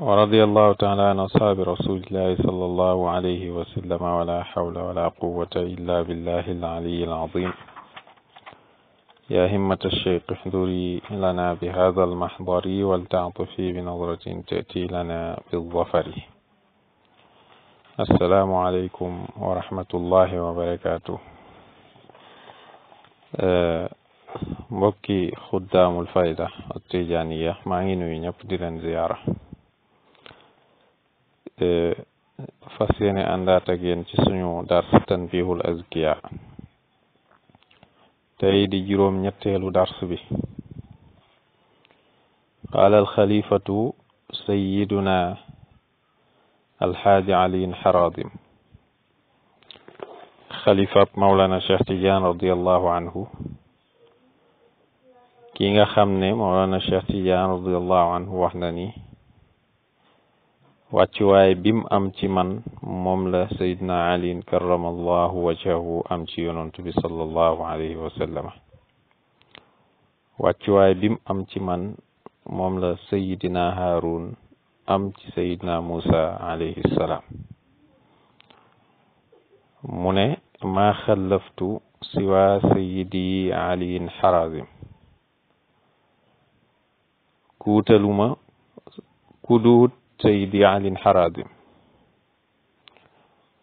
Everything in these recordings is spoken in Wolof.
ورضي الله تعالى عن أصحاب رسول الله صلى الله عليه وسلم ولا حول ولا قوة إلا بالله العلي العظيم يا همة الشيخ احذري لنا بهذا المحضر ولتعطفي بنظرة تأتي لنا بالظفر السلام عليكم ورحمة الله وبركاته آه، بكي خدام الفائدة التجانية معين ينبدل زيارة E, fasiyene andaat ak yeen ci suñu dar tanbihul azkiya tay جيروم juroom ñettelu dars قال الخليفة سيدنا الحاج علي حرادم خليفة مولانا شيخ تيجان رضي الله عنه كيغا خامني مولانا شيخ تيجان رضي الله عنه وحناني wàccuwaay bimu am ci man moom la sayidna ali karamallahu wajhahu am ci yonantu bi sallallahu alayhi wa sallama wàccuwaay bimu am ci man moom la sayidina haarun am ci sayidna musa alayhi salaam mu ne maa xallaftu siwa sayidi aliin xarazim kuutaluma kuduut سيدي علي حرادم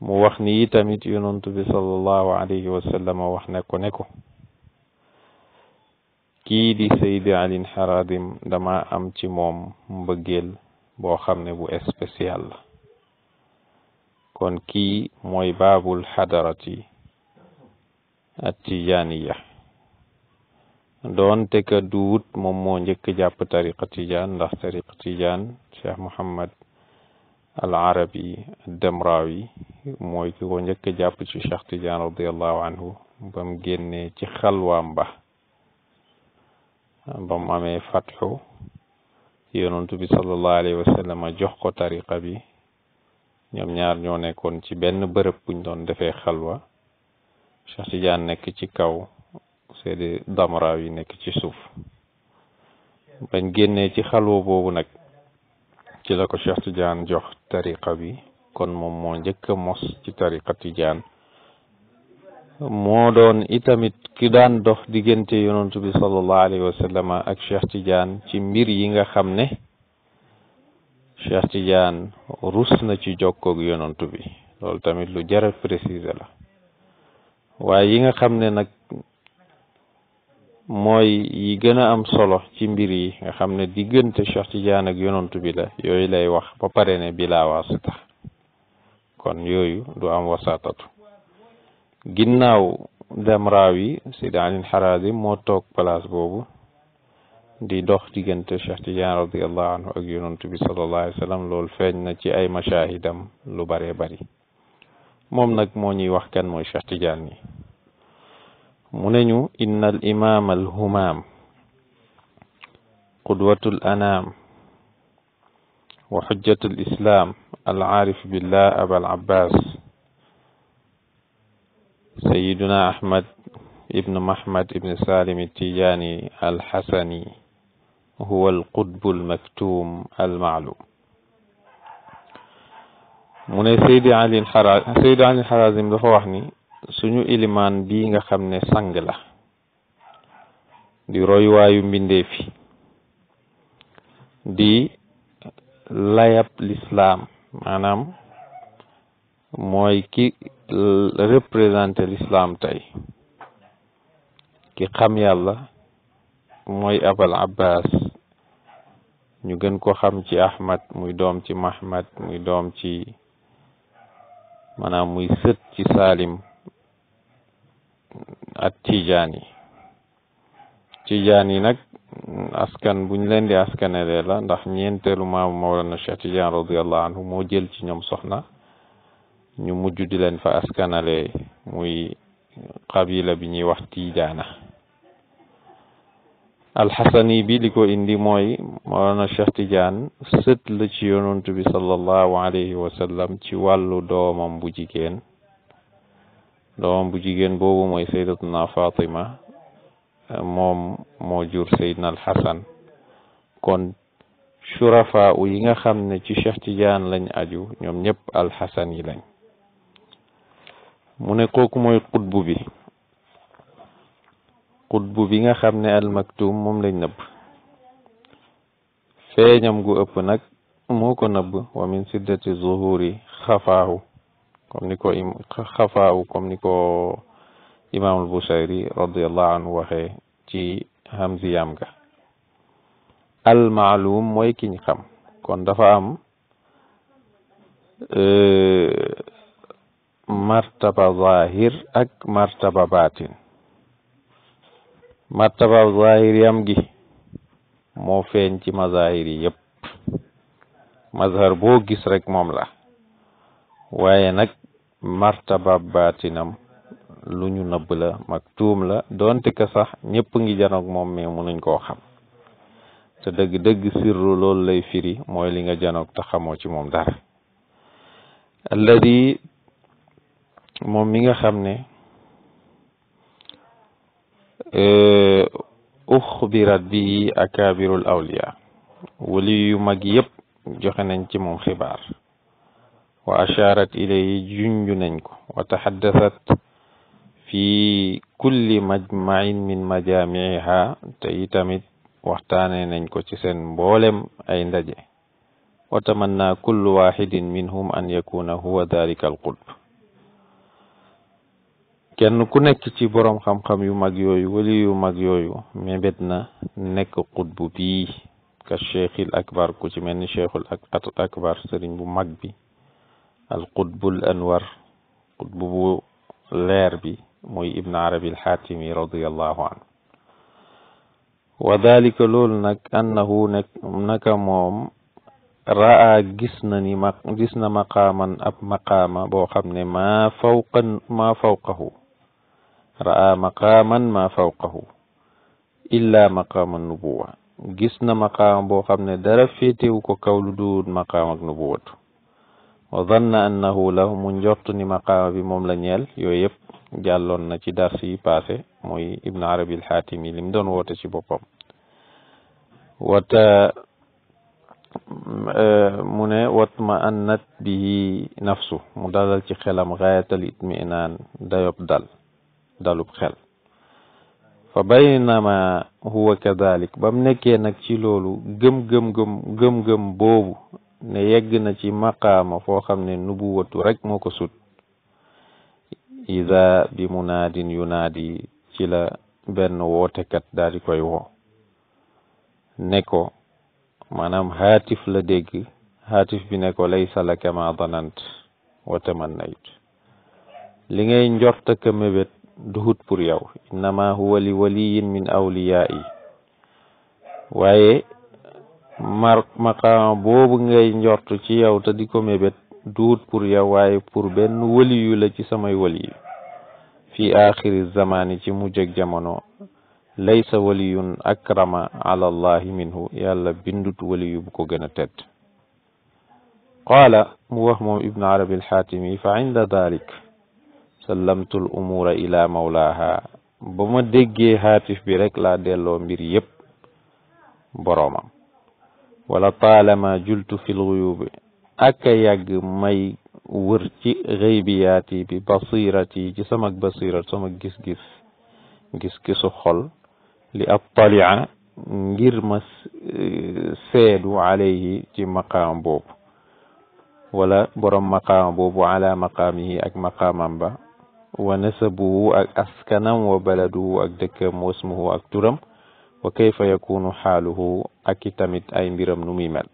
موخني تمت ينونت صلى الله عليه وسلم وحنا كونكو كي دي سيدي علي حرادم دما ام تي موم مبغيل بو خامني بو اسبيسيال كون كي موي باب الحضرتي التيانيه doonte ka duut moom moo njëkk jàpp tariqa tijaan ndax tariqa tiijan cheikh muhammad al arabi demrawi mooy ki ko njëkk jàpp ci cheikh tijaan radiallahu anhu ba mu ci xalwaam ba ba mu amee fatxu yonentu bi sallallahu alayhi wa sallam jox ko tariqa bi ñoom ñaar ñoo nekkoon ci benn bërëb buñ doon defee xalwa cheikh tijaan nekk ci kaw seede damraaw yi nekk ci suuf bañ génnee ci xalwa boobu nag ci la ko Cheikh Tidiane jox tariqa bi kon moom moo njëkk a mos ci tariqa Tidiane moo doon itamit ki daan dox diggante yonantu bi sallallahu alayhi wa sallam ak Cheikh Tidiane ci mbir yi nga xam ne Cheikh Tidiane rus na ci jokkoog yonontu bi loolu tamit lu jar a la waaye yi xam ne nag mooy yi gën a am solo ci mbir yi nga xam ne diggante Cheikh Tidiane ak yonontu bi la yooyu lay wax ba pare ne bilaa wasita kon yooyu du am wasatatu ginnaaw yi Sidi Alin Xaraadi moo toog place boobu di dox diggante Cheikh Tidiane radiallahu anhu ak yonantu bi sallallahu alayhi loolu feeñ na ci ay mashahidam lu baree bari moom nag moo ñuy wax kan mooy Cheikh Tidiane yi منينو إن الإمام الهمام قدوة الأنام وحجة الإسلام العارف بالله أبا العباس سيدنا أحمد ابن محمد ابن سالم التجاني الحسني هو القدب المكتوم المعلوم من سيدي علي الحرازم سيدي علي الحرازم دفوحني suñu ilimaan bi nga xam ne sang la di royuwaayu mbindeef fi di layab lislaam maanaam mooy ki représenté l'islam tey ki xam yàlla mooy abal abbas ñu gën ko xam ci ahmad muy doom ci mahmad muy doom ci maanaam muy sët ci salim at tijaani tijaani nag askan ñu leen di askanele la ndax ñeenteelu maamu mawlana cheikh tijaani radiallahu anhu moo jël ci ñoom soxna ñu mujj di leen fa askanale muy qabila bi ñuy wax tijaana alxasani bi li ko indi mooy mawlana cheikh tidiane sët la ci yonantu bi sallallahu alayhi wa ci wàllu doomam bu jigéen doomam bu jigéen boobu mooy sayyidatuna Fatima moom moo jur sayyidna al Hasan kon shurafa u yi nga xam ne ci Cheikh Tidiane lañ aju ñoom ñëpp al yi lañ mu ne kooku mooy xutbu bi xutbu bi nga xam ne al maktum moom lañ nëbb feeñam gu ëpp nag moo ko nëbb wa min siddati zuhuri xafaahu comme ni ko im xafaaw comme ni ko imaamul busayri radiallahu anhu waxee ci hamziyaam ga al maalum mooy kiñ xam kon dafa am e, martaba zahir ak martaba batin martaba zahir yam gi moo feeñ ci ma yi yëpp mazhar boo gis rek moom la waaye nag martaba baatinam lu ñu nëbb la mag tuum la doonte ka sax ñépp ngi janoog moom mais mënuñ koo xam te dëgg dëgg sirru loolu lay firi mooy li nga janoog te xamoo ci moom dara alladi moom mi nga xam ne euh, uxbirat bi akabirul awliya wali yu mag yëpp joxe nañ ci moom xibaar وأشارت إليه جنجننكو وتحدثت في كل مجمع من مجامعها تيتمت وقتاني ننكو تسن بولم أين دجي وتمنى كل واحد منهم أن يكون هو ذلك القلب كأنه كنك تي برام خم خم يو مجيوي ولي يو مبتنا نك قطب بي كالشيخ الأكبر كتي من الشيخ الأكبر سرين بو القطب الأنور قطب الأربي موي ابن عربي الحاتمي رضي الله عنه وذلك لول نك أنه نك موم رأى جسنني جسن مقاما أب مقاما بو ما فوق ما فوقه رأى مقاما ما فوقه إلا مقام النبوة جسن مقام بو خمني درفيتي وكو مقام النبوة وظن أنه له من جرت مقام بموم لنيل يويب جالون نتي دارسي باسي موي ابن عربي الحاتمي لم دون ووتا سي بوبوم وتا آه، من وطم أنت به نفسه مدلل تي خلم غاية الإطمئنان دايب دل دلو بخل فبينما هو كذلك بمنك نكتي لولو جم جم جم جم جم بوبو ne yegg na ci maqaama foo xam ne nubuwatu rekk moo ko sut ida bi munaadin yunaadi ci la benn wootekat daal di koy woo ne ko maanaam haatif la dégg haatif bi ne ko laysa laka ma danant wa tamannayt li ngay njortaka mébét duhut pour yow innama huwa li waliyin min awliyaa yi waaye mar maqaama boobu ngay njort ci yow te di ko mébét duut pour yow waaye pour benn waliyu la ci samay waliyu fi axiri zamaani ci mujj ak jamono laysa waliyun akrama ala minhu yàlla bindut waliyu bu ko gën a tedd qaala mu wax moom ibnu arabi alxaatimi fa inda dalik sallamtu l ila mawlaaha ba ma déggee xaatif bi rek laa delloo mbir yépp boroomam ولطالما جلت في الغيوب أكيج مي ورت غيبياتي ببصيرتي جسمك بصيرة سمك جس جس جس جس خل لأطلع جرمس سيد عليه في مقام بوب ولا برم مقام بوب على مقامه أك مقام ونسبه أك أسكنم وبلده أك دكم واسمه أك ترم وكيف يكون حاله أكتمت أي مرم نميمل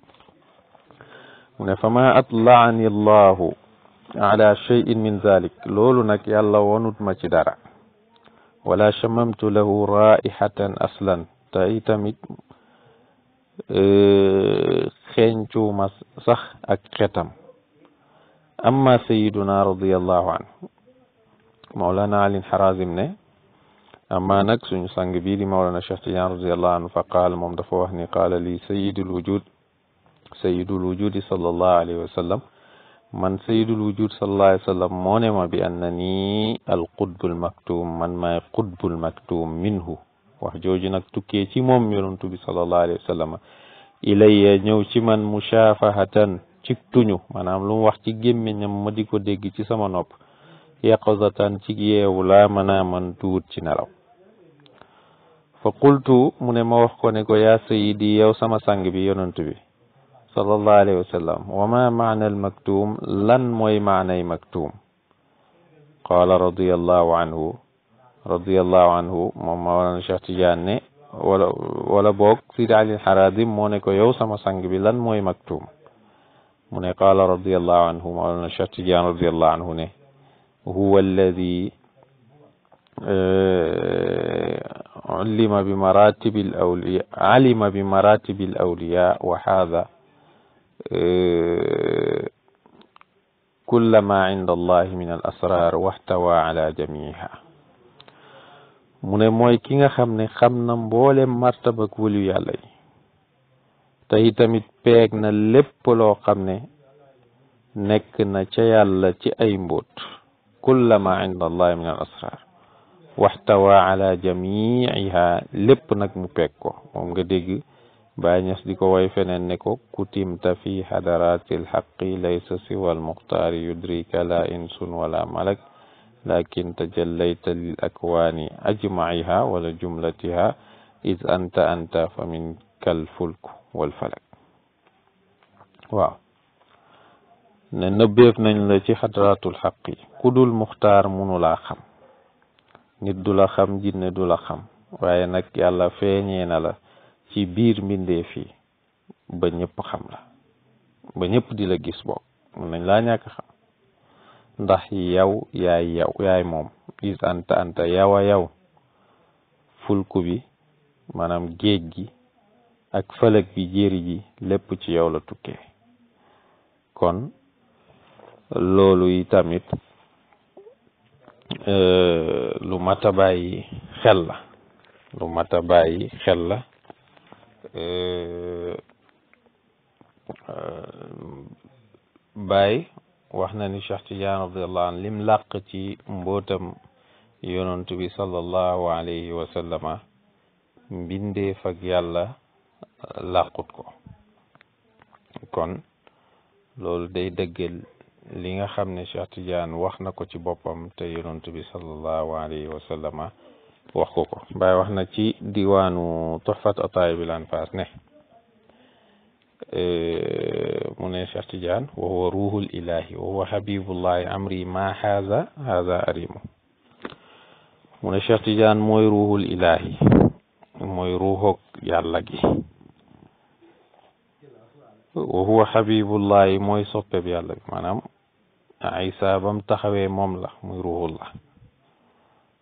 فما أطلعني الله على شيء من ذلك لولو نكي الله ونود ما جدارا ولا شممت له رائحة أصلا تأيتمت آه، خنجو مسخ أكتم أما سيدنا رضي الله عنه مولانا علي حرازم نه أما نقص سنجبير مولانا شفتيان رضي الله عنه فقال ممدفوهني قال لي سيد الوجود سيد الوجود صلى الله عليه وسلم من سيد الوجود صلى الله عليه وسلم مونم بأنني القدب المكتوم من ما قدب المكتوم منه وحجوجنا تكيتي يرون تبي صلى الله عليه وسلم إلي نوشي من مشافهة تكتنو من أملون وحتي جيم نمدكو يمدكو ديكي سما نوب يقظتان تيجي ولا منا من دور تنارو فقلت من ما وحكوني قيا سيدي يو سما سنجبي يننتبي صلى الله عليه وسلم وما معنى المكتوم لن موي معنى مكتوم قال رضي الله عنه رضي الله عنه مما وانا شخص جاني ولا ولا بوك سيد علي الحرادي مونيكو يو سما سانغبي لن موي مكتوم موني قال رضي الله عنه مولانا شتي جان رضي الله عنه نه هو الذي آه، علم بمراتب الأولياء علم بمراتب الأولياء وهذا آه، كل ما عند الله من الأسرار واحتوى على جميعها من موي كيغا خامني خامنا مرتبه كولو يالاي تاي تاميت بيغنا لب لو خامني نيك نا تي يالا تي اي مبوت كل ما عند الله من الأسرار واحتوى على جميعها لب نك مبكو ومغا ديغ بانيس ديكو واي فنن نكو كتيم تفي حضرات الحق ليس سوى المختار يدريك لا انس ولا ملك لكن تجليت للأكوان أجمعها ولا جملتها إذ أنت أنت فمنك الفلك والفلك واو ne nëbbeef nañ la ci xadratul xaq yi ku dul muxtaar mënula laa xam nit du la xam jinne du la xam waaye nag yàlla feeñe na la ci biir mbindeef yi ba ñëpp xam la ba ñépp di la gis bokk mun nañ laa ñàkk xam ndax yow yaay yow yaay moom is anta anta yow a fulku bi maanaam géej gi ak fëlëg bi jéeri ji lépp ci yow la tukkee kon loolu yi tamit euh, lu mat a bàyyi xel la lu mat a bàyyi xel la euh, euh, Baay wax na ni Cheikh an lim làq ci mbootam yonent bi sallallahu alayhi wa sallama mbindeef ak yàlla làqut ko kon loolu day dëggal li nga xam ne Cheikh Tidiane wax na ko ci boppam te yonent bi sallallahu alayhi wa wax ko ko Baay wax na ci diwaanu Tuhfat Ataa'ibil Anfaas ne e, mu ne Cheikh Tidiane wa huwa ruhul ilahi wa huwa habibullahi amri ma haza haza arimu mu ne Cheikh Tidiane mooy ruhul ilahi mooy ruuxoog yàlla gi wa huwa habibullahi mooy soppeb yàlla bi maanaam Isa ba mu taxawee moom la muy ruuxullah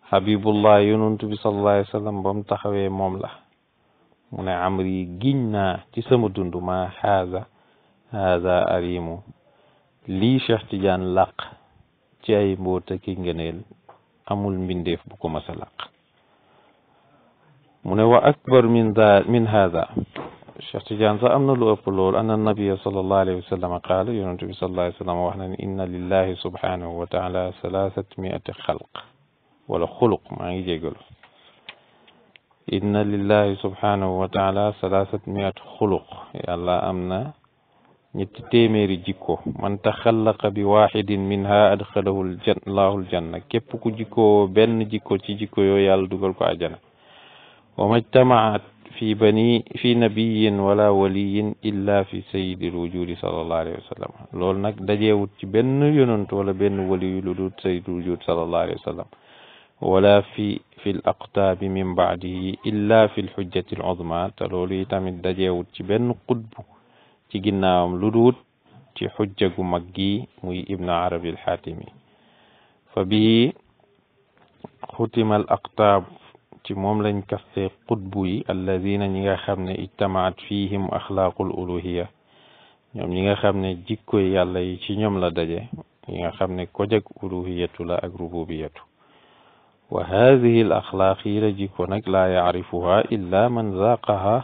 Habibullah yonantu bi sallallahu alayhi wa sallam ba mu taxawee moom la mu ne amri giñ naa ci sama dund ma xaaza haza arimu lii Cheikh Tidiane làq ci ay mboota ki ngëneel amul mbindeef bu ko mas a làq mu ne wa akbar min min haza الشيخ أمن الأبلول أن النبي صلى الله عليه وسلم قال ينجب صلى الله عليه وسلم وحنا إن لله سبحانه وتعالى مئة خلق ولا خلق ما يقول إن لله سبحانه وتعالى مئة خلق يا الله أمنا نتتيميري جيكو من تخلق بواحد منها أدخله الجنة الله الجنة كيف جيكو بن جيكو تي جيكو يو يال دوغل كو وما اجتمعت في بني في نبي ولا ولي الا في سيد الوجود صلى الله عليه وسلم لول نك داجي ووت بن يونت ولا بن ولي لودو سيد الوجود صلى الله عليه وسلم ولا في في الاقطاب من بعده الا في الحجه العظمى تلول يتام داجي ووت بن قطب سي غيناوم لودوت سي حجه مغي موي ابن عربي الحاتمي فبه ختم الاقطاب ci moom lañ kaste xutbu yi allazina ñi nga xam ne ijtamaat fihim axlaaqul uluhiya ñoom ñi nga xam ne jikkoy yàlla yi ci ñoom la daje ñi nga xam ne kojag uluhiyatu la ak rububiyatu wa hadihi al axlaaq yi la jikko nag laa yaarifuha illa man zaqaha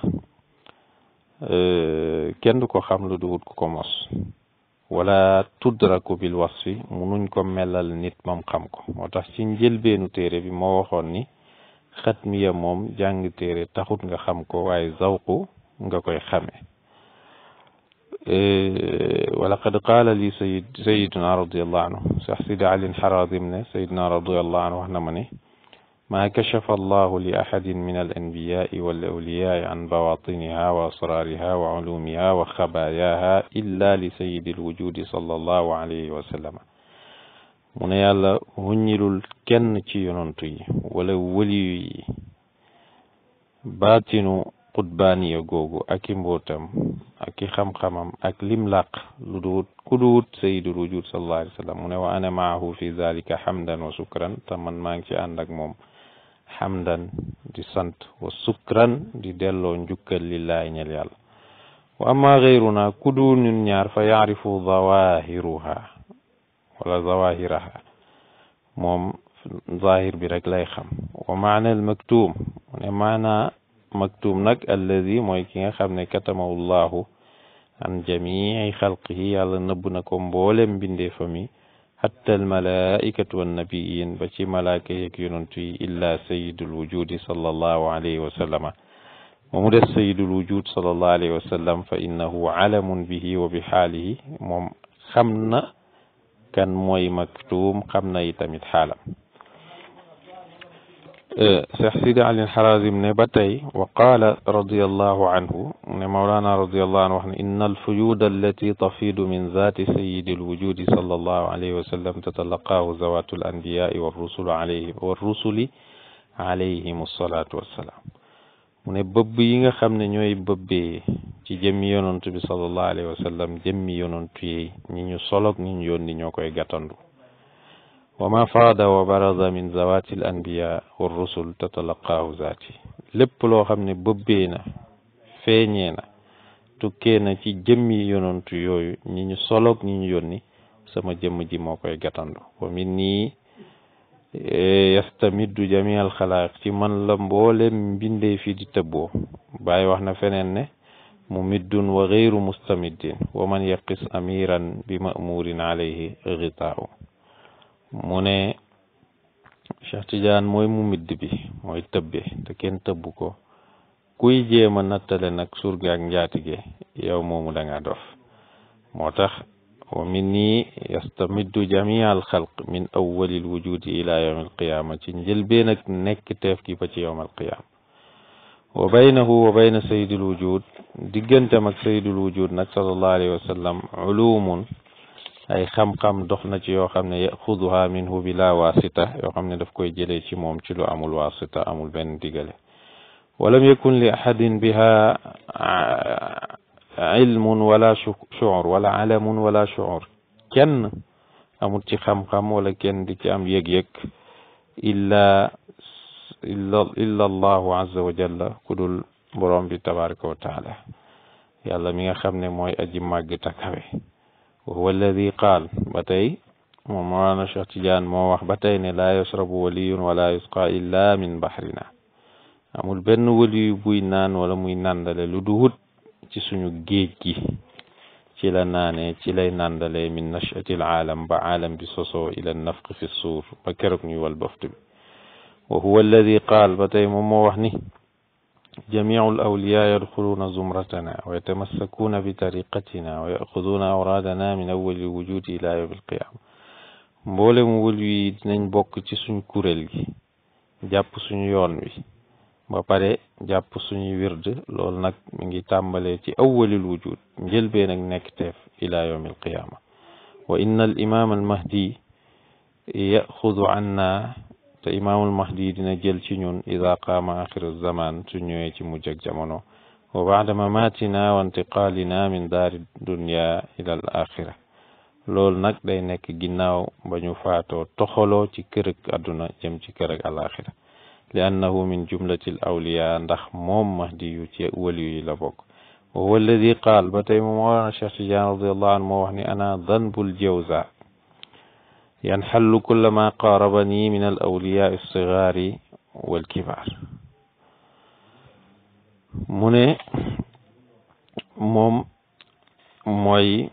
kenn du ko xam lu duwut ku ko mos wala tudraku bil wasfi munuñ ko melal nit moom xam ko moo tax ci njëlbeenu téere bi moo waxoon ni خدمية موم جانج تيري تاخد نغا خامكو واي زوقو نغا كوي خامي ولقد قال لي سيد سيدنا رضي الله عنه سيحسيد علي الحراضي منه سيدنا رضي الله عنه احنا منه ما كشف الله لأحد من الأنبياء والأولياء عن بواطنها وأسرارها وعلومها وخباياها إلا لسيد الوجود صلى الله عليه وسلم mu ne yàlla wuññilul kenn ci yonantu yi wala wëliyu yi baatinu xutbaaniya googu ak i mbootam ak i xam-xamam ak lim làq lu duwut ku duwut sayyidul wujud sallallahu alayhi wa sallam mu ne wa ana maahu fi zalika hamdan wa sukran te man maa ngi ci ànd ak moom hamdan di sant wa sukran di delloo njukkal lillahi ñel yàlla wa amma gayruna ku duwul ñun ñaar fa yaarifu dawahiruha ولا ظواهرها موم ظاهر برك لا يخم ومعنى المكتوم معنى مكتوم نك الذي ممكن يخم كتمه الله عن جميع خلقه على نبنكم بولم بن فمي حتى الملائكة والنبيين بشي ملائكة يكونون إلا سيد الوجود صلى الله عليه وسلم ومدى سيد الوجود صلى الله عليه وسلم فإنه علم به وبحاله خمنا كان موي مكتوم خمنا يتميت حالا أه، شيخ سيدي علي الحرازي من باتاي وقال رضي الله عنه من مولانا رضي الله عنه ان الفيود التي تفيد من ذات سيد الوجود صلى الله عليه وسلم تتلقاه ذوات الانبياء والرسل عليه والرسل عليهم الصلاه والسلام mu ne bëbb yi nga xam ne ñooy bëbbee ci jëmmi yonant mi sallallahu alayhi wa sallam jëmmi yonantu yi ñi ñu solog ñi ñu yónni ñoo koy gàttandu wa ma faada wa baraza min zawati al anbiya wa rusul tatalaqaahu zaati lépp loo xam ne bëbbee na feeñe na tukkee na ci jëmmi yonantu yooyu ñi ñu solog ñi ñu yónni sama jëmm ji moo koy gàttandu wa min nii yastamiddu jami al xalaaq ci man la mboolem mbindee fi di tëbboo bàyyi wax na feneen ne mu middun wa gayru mustamiddin wa man yaqis amiran bi mamurin alayhi ritaaw mu ne Cheikh Tidiane mooy mu bi mooy tëbbe te kenn tëbb ko kuy jéema nattale nag surgaak njaatige yow moomu da nga dof moo tax ومني يستمد جميع الخلق من أول الوجود إلى يوم القيامة نجل بينك نك تفكي بتي يوم القيامة وبينه وبين سيد الوجود دقنت مك سيد الوجود نك صلى الله عليه وسلم علوم أي خم خم دخنا يو خم يأخذها منه بلا واسطة يو خم ندفكو يجلي موم تلو أمول واسطة أمول بين دقله ولم يكن لأحد بها علم ولا شعور ولا علم ولا شعور كن أمرتي خم خم كن ديك أم يك يك إلا إلا الله عز وجل كل برام تبارك وتعالى يلا الله خمني موي أجي ما جتكوي وهو الذي قال بتي ومعنا شخص موح بتين لا يشرب ولي ولا يسقى إلا من بحرنا أمول بن ولي بوينان ولا موينان دلالو دهوت ci suñu géej gi ci la naane ci lay nàndale min nashatil aalam ba alam bi soso ila nafq fi sur ba kérok ñu wal boftu bi wa huwa alladhi qala batay tey mo wax ni جميع الأولياء يدخلون زمرتنا ويتمسكون بطريقتنا ويأخذون أورادنا من أول الوجود إلى يوم القيامة mboolem wël wi dinañ bokk ci suñ kuréel gi jàpp suñu yoon wi ba pare jàpp suñuy wird loolu nag mi ngi tàmbalee ci awwalil wujud njëlbeen ak nekk teef ila yawm al qiyaama wa inna al imaam al mahdi yaxudu anna te imaamul dina jël ci ñun ida qaama axiru zaman su ñëwee ci mujj ak jamono wa baada mamatina wa intiqaalina min daari dunya ila al axira loolu nag day nekk ginnaaw ba ñu faatoo toxaloo ci kër àdduna jëm ci kërëg al لأنه من جملة الأولياء ندخ موم مهدي yu ci wali وهو الذي قال بتيم مولانا الشيخ تجان رضي الله عنه وحني أنا ذنب الجوزاء ينحل كل ما قاربني من الأولياء الصغار والكبار من موم موي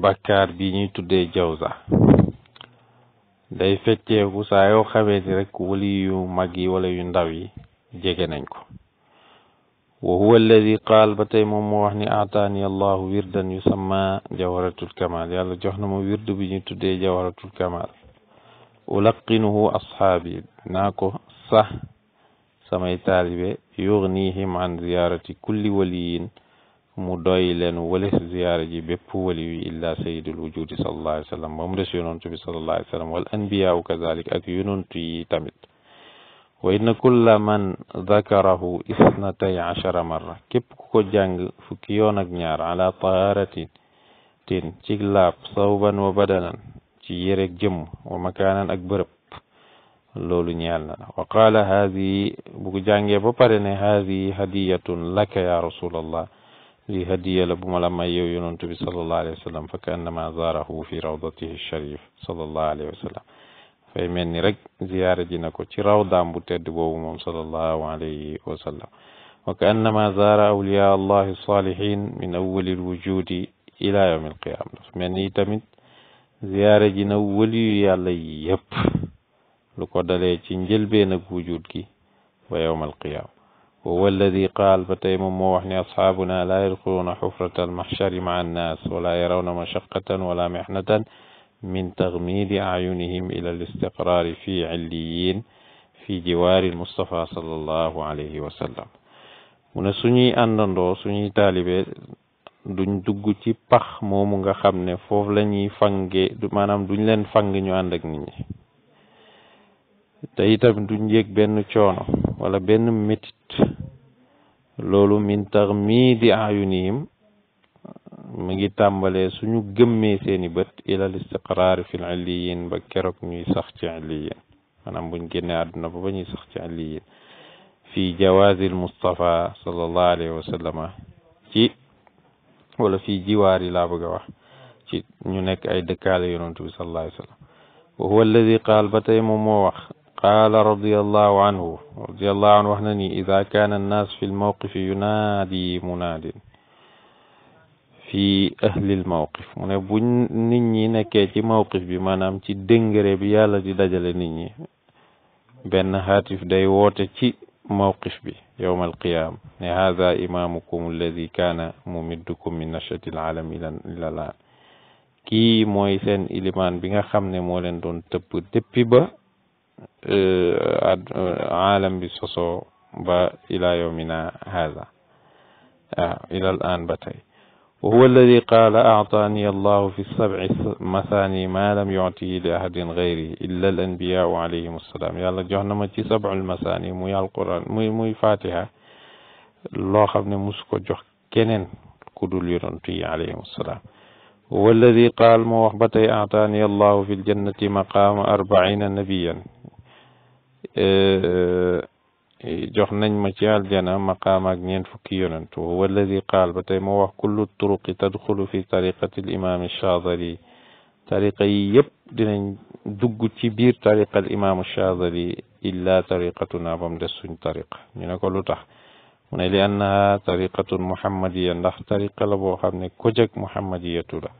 بكار بيني تودي جوزاء day fecceeku saa yoo xamee ni rek wali yu mag yi wala yu ndaw yi jege nañ ko wa huwa alladi qaal ba tey moom moo wax ni aataani allahu wirdan yusamma jawharatul kamal yàlla jox na ma wird bi ñu tuddee jawharatul kamal ulaqinuhu ashaabi naa ko samay taalibe yugnihim an ziyarati kulli waliyin mu doy leen walis ziyaara ji bépp wali wi illa sayidul wujudi sallallahu alayhi wa sallam moom des yonontu bi sallallahu alayhi wa sallam wal anbiyaawu kazalik ak yonontu yi tamit wa inna kulla man dakarahu isnatay achara marra képp ku ko jàng fukki yoon ak ñaar ala taharatin tin ci laab sawban wa badanan ci yéreg jëmm wa makaanan ak bërëb loolu ñeel na wa qaala haadihi bu ko jàngee ba pare ne haadihi hadiyatun laka ya rasulallah li hadiya la bu ma la may yow yonantu bi sallallahu alayhi wa sallam fa kaannama zaarahu fi rawdatihi sharif sallallahu alayhi wa sallam fay mel ni rek ziyaare ji na ko ci rawdaam bu tedd boobu moom sallallahu alayhi wa sallam wa kaannama zaara awliya allahi salihin min awali lwujudi ila yawm alqiyama dafa mel ni tamit ziyaare ji na waliyu yàlla yi yëpp lu ko dalee ci njëlbeen ak wujud gi ba yawm alqiyama وهو الذي قال فتيم موحني أصحابنا لا يدخلون حفرة المحشر مع الناس ولا يرون مشقة ولا محنة من تغميد أعينهم إلى الاستقرار في عليين في جوار المصطفى صلى الله عليه وسلم ونسوني أننا سوني طالبة duñ dugg ci pax moomu nga xam ne lañuy fànge maanaam duñ leen fàng ñu ànd ak nit ñi te itam duñ yëg benn coono wala benn métti loolu min tax mii di ayunihim mu ngi tàmbalee suñu gëmmee seeni bët ila istiqraar fi illiyin ba keroog ñuy sax ci illiyin maanaam buñ génnee àdduna ba ba ñuy sax ci illiyin fi jawaazi Mustafa sallallahu alayhi wa sallama ci wala fi jiwaar yi laa bëgg a wax ci ñu nekk ay dëkkaale yonantu bi sallallahu alayhi wa sallam wa huwa alladi qaal ba tey moom moo wax قال رضي الله عنه رضي الله عنه وهنني إذا كان الناس في الموقف ينادي مناد في أهل الموقف من بو نيني موقف بما مانام تي بيالا بي يالا دي نيني هاتف داي موقف بي يوم القيامة إيه هذا إمامكم الذي كان ممدكم من نشأة العالم إلى الآن كي موي سين إليمان بيغا خامني دون تب دبي با عالم بسوسو با إلى يومنا هذا آه إلى الآن بتي وهو الذي قال أعطاني الله في السبع مثاني ما لم يعطيه لأحد غيري إلا الأنبياء عليهم السلام يا الله جهنم تي سبع المثاني مو يا القرآن مو مو فاتحة لو خبني مسكو جوخ كنن كدول يرنتي عليهم السلام هو الذي قال موحبتي أعطاني الله في الجنة مقام أربعين نبيا جوخ نن مجال دينا مقام اجنين فكيونت وهو الذي قال بتي كل الطرق تدخل في طريقة الإمام الشاذلي طريقة يب دينا دقو تبير طريقة الإمام الشاذلي إلا طريقتنا بم دسون طريقة نينا كلو تح لأنها طريقة محمدية نح طريقة لبو خمني كجك محمدية تولا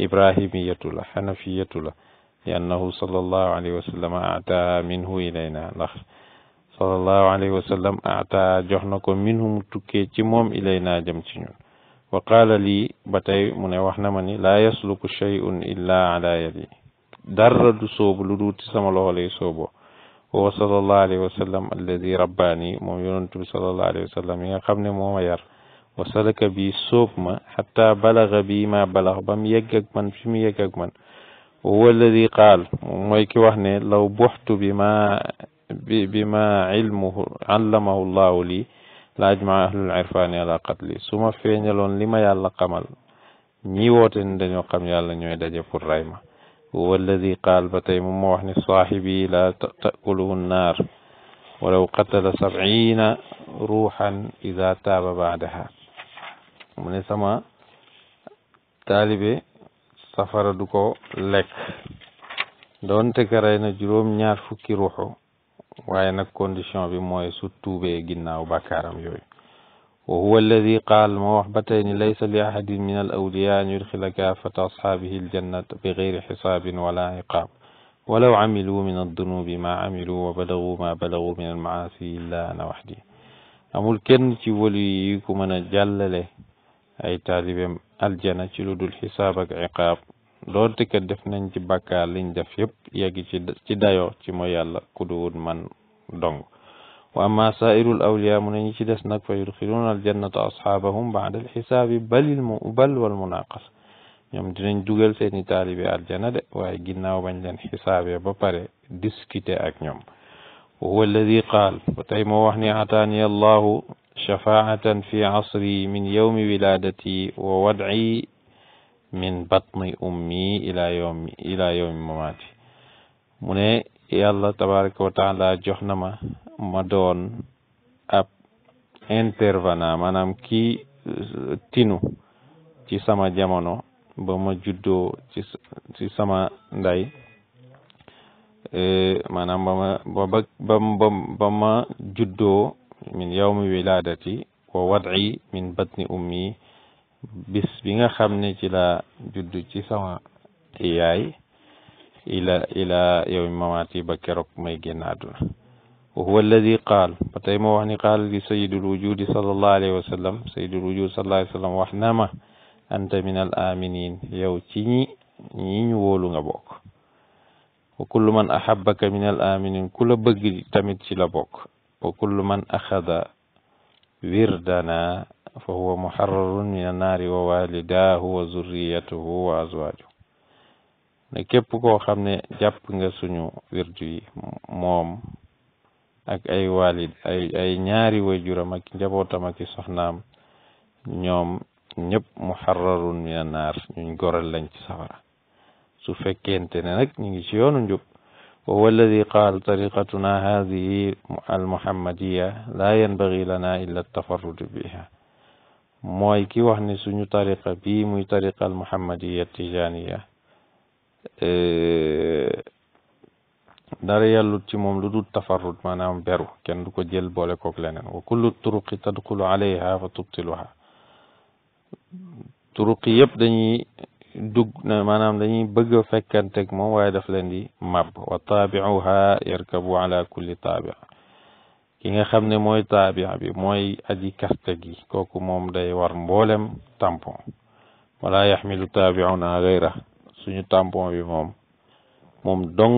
إبراهيمية تولا حنفية تولا لأنه صلى الله عليه وسلم أعطى منه إلينا صلى الله عليه وسلم أعطى جهنكم منهم تكيتموم إلينا جمتين وقال لي بتاي من وحنا مني لا يسلك شيء إلا على يدي درد صوب لدوت سما الله عليه صوبه هو صلى الله عليه وسلم الذي رباني مؤمن صلى الله عليه وسلم يا قبل مؤمير وسلك بي صوب ما حتى بلغ بي ما بلغ بم يجك من فيم يجك من هو الذي قال ويكوهني لو بحت بما بما علمه علمه الله لي لاجمع اهل العرفان على قتلي ثم فينلون لما يلا قمل ني ووتن دانيو خم يالا نوي داجي فور رايما هو الذي قال بتيم مو صاحبي لا تاكله النار ولو قتل سبعين روحا اذا تاب بعدها من سما طالبي safara du ko lek doonte ka rey na juróom ñaar fukki ruuxu waye nak condition bi moy su tuubee ginnaw bakaram yoy wa huwa alladhi qala moo wax laysa li ahadin min al awliya an yudxila kaafata ashaabihi aljannat bi gayri hisabin wala iqaab walaw camilu min addunubi ma camilu wa balagu ma balagu min almaasi illa ana waxdi amul kenn ci wali yi ku mën jàllale ay taalibeem aljana ci lu dul xisaab ak iqaab doonte kat def nañ ci bàkkaar liñ def yëpp yegg ci ci dayoo ci mooy yàlla kuduwut man dong wa amma saa'irul awliyaa mu ne ñi ci des nag fa yudxiluuna aljannata asxaabahum baada alxisaabi balil mu bal wal munaqas ñoom dinañ dugal seeni taalibe aljana de waaye ginnaaw bañ leen xisaabee ba pare discuter ak ñoom wa huwa qaal ba wax ni ataani allahu shafaatan fi casri min yowmi wiladati wa wadci min batni ummi ila yowmi ila yowmi mamaati mu ne yàlla tabaraka wa taala jox na ma ma doon ab intervenant maanaam kii euh, tinu ci sama jamono ba ma juddoo ci ci sama nday euh, maanaam ba ma ba ba ba ma juddoo من يوم ولادتي ووضعي من بطن أمي بس بينا خمني جلا جدو جسما إياي إلى إلى يوم مماتي بكرك ما يجنادنا وهو الذي قال بتأي وحني قال لسيد الوجود صلى الله عليه وسلم سيد الوجود صلى الله عليه وسلم وحنما أنت من الآمنين يو تيني نين وولو وكل من أحبك من الآمنين كل بغي تمت لبوك wa kullu man axada wirdana fo huwa muharrarun min annaari wa walidahu wa zurriyatuhu wa azwajuhu ne képp koo xam ne jàpp nga suñu wirdu yi moom ak ay walid ay ay ñaari waajuram ak njabootam ak i soxnaam ñoom ñëpp muharrarun min annaar ñuñ goral lañ ci safara su fekkente ne nag ñu ngi ci yoonu njub وهو الذي قال طريقتنا هذه المحمدية لا ينبغي لنا إلا التفرد بها كي وحني سنو طريقة بي موي طريقة المحمدية التجانية إيه داري يالو تيموم لدو التفرد مانام بيرو كان دوكو ديال بولكوك لنن وكل الطرق تدخل عليها فتبطلها طرق يبدني dugg maanaam dañuy bëgg a fekkanteeg moom waaye daf leen di màbb wa taabiuha yarkabu ala kulli nga xam ne mooy taabi bi mooy aji kaste gi kooku moom day war mboolem tampon wala yaxmilu taabiuna gayra suñu tampon bi moom moom dong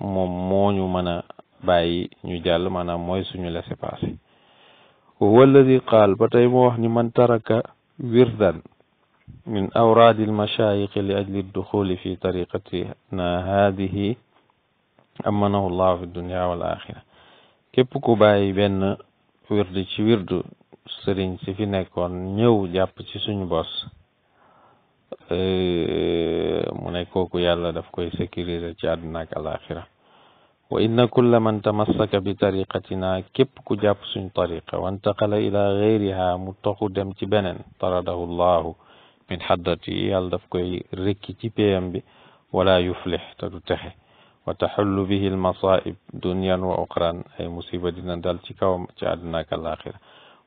moom mooñu ñu mën a bàyyi ñu jàll maanaam mooy suñu laissez-passer wa huwa qaal ba tey moo wax ni man taraka wirdan من أوراد المشايخ لأجل الدخول في طريقتنا هذه أمنه الله في الدنيا والآخرة كيبكو باي بين ويرد شي ويرد سرين سي في نيو جاب سي سوني بوس ا أه، مو نيكوكو يالا كوي سيكيريزي سي ادنا كالاخرة وإن كل من تمسك بطريقتنا كيب كو جاب طريقة وانتقل إلى غيرها متقدم تبنن طرده الله من حضرتي يالدف كوي ركي تي بي ام بي ولا يفلح تدو تخي وتحل به المصائب دنيا واخرى اي مصيبه دينا دال تي كاوم تي ادنا كالاخره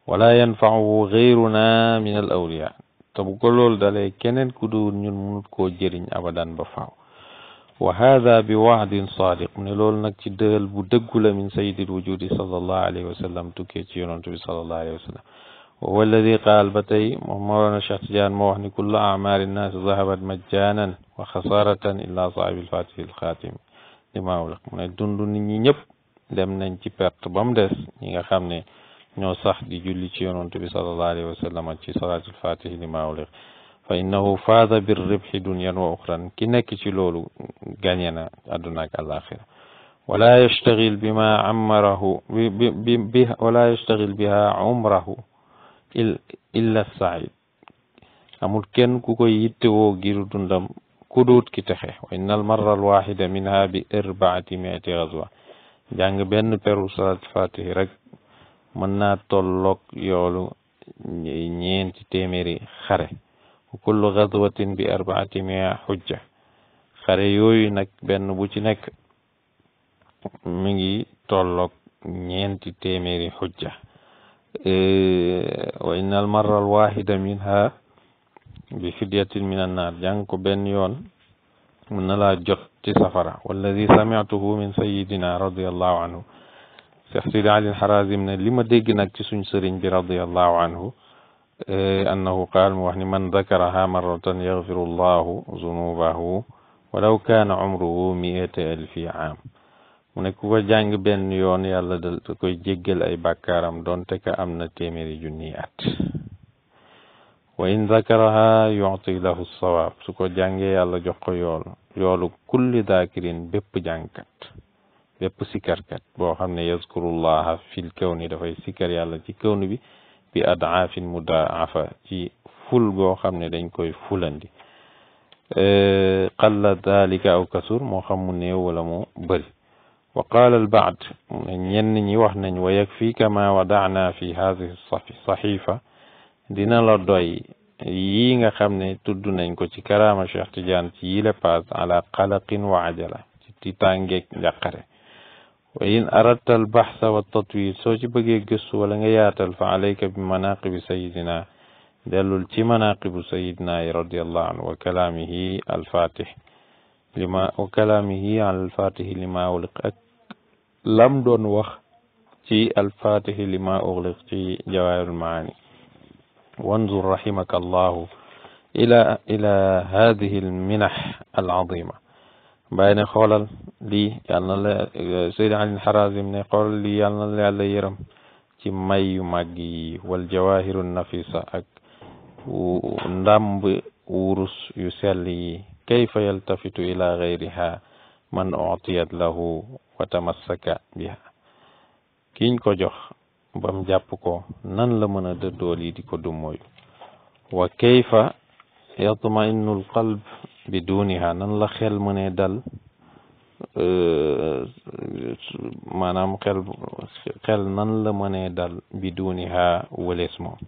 ولا ينفعه غيرنا من الاولياء تبو كولول دالاي كينن كودو نون مونوت كو جيرين ابدا بفاو وهذا بوعد صادق من لول نك تي ديغل بو دغول من سيد الوجود صلى الله عليه وسلم توكي تي يونس صلى الله عليه وسلم الذي قال بتي مولانا الشيخ تجان موح كل أعمال الناس ذهبت مجانا وخسارة إلا صاحب الفاتح الخاتم لما أولاك من الدون دون نيب لم ننتي بات بامدس نيغا خامني نو صح دي جولي تيونون تبي صلى الله عليه وسلم تي صلاة الفاتح لما أولاك فإنه فاض بالربح دنيا وأخرى كنا كتي لولو غانينا أدناك الآخرة ولا يشتغل بما عمره بي بي بي ولا يشتغل بها عمره illa said amul kenn ku koy yittewoo ngir dundam kuduut ki texe wa inna al marra al bi arbaati miati gazwa benn peru salat fatihi rek mën naa tolloog yoolu ñeenti téeméeri xare wa kullu gazwatin bi arbaati xujja xare yooyu nag benn bu ci nekk mi ngi tolloog ñeenti téeméeri xujja إيه، وإن المرة الواحدة منها بفدية من النار جانك بن يون من لا جخ تسفر والذي سمعته من سيدنا رضي الله عنه سيحسد علي الحرازي من لما ديقناك تسون سرين برضي الله عنه إيه، أنه قال من ذكرها مرة يغفر الله ذنوبه ولو كان عمره مئة ألف عام mu nekk ku ko jàng benn yoon yàlla da koy jéggal ay bàkkaaram donte ka am na téeméeri junni at wa in zakaraha yuti lahu sawaab su ko jàngee yàlla jox ko yool yoolu kulli daakirin bépp jàngkat bépp sikarkat boo xam ne yazkurullaha fil kawni dafay sikar yàlla ci kawni bi bi adaafin mudaafa ci ful goo xam ne dañ koy fulandi qalla dalika aw kasur moo xam mu néew wala mu bëri وقال البعد إن ينني وحن ويكفي كما ودعنا في هذه الصحيفة دينا لردوي يينا خمنا تدونا إن كوشي كرامة شيخ تجان تيلة باز على قلق وعجلة تتانجيك جاكري وإن أردت البحث والتطوير سوشي بغي قص ولنغيات فعليك بمناقب سيدنا دلل تي مناقب سيدنا رضي الله عنه وكلامه الفاتح لما وكلامه عن الفاتح لما ولقت لم دون وخ تي الفاتح لما أغلق تي جواهر المعاني وانظر رحمك الله إلى إلى هذه المنح العظيمة بين خلال لي يالنا سيد علي الحرازي من يقول لي يالنا لي على يرم تي مي مجي والجواهر النفيسة ونام ورس يسلي كيف يلتفت إلى غيرها من أعطيت له wa tamassaka biha kiñ ko jox bam jàpp ko nan la mën a dëddoo lii di ko dummooyu wa kayfa yatmainu al qalb biduniha nan la xel mënee dal maanaam xel xel nan la mënee dal biduniha wëlees moom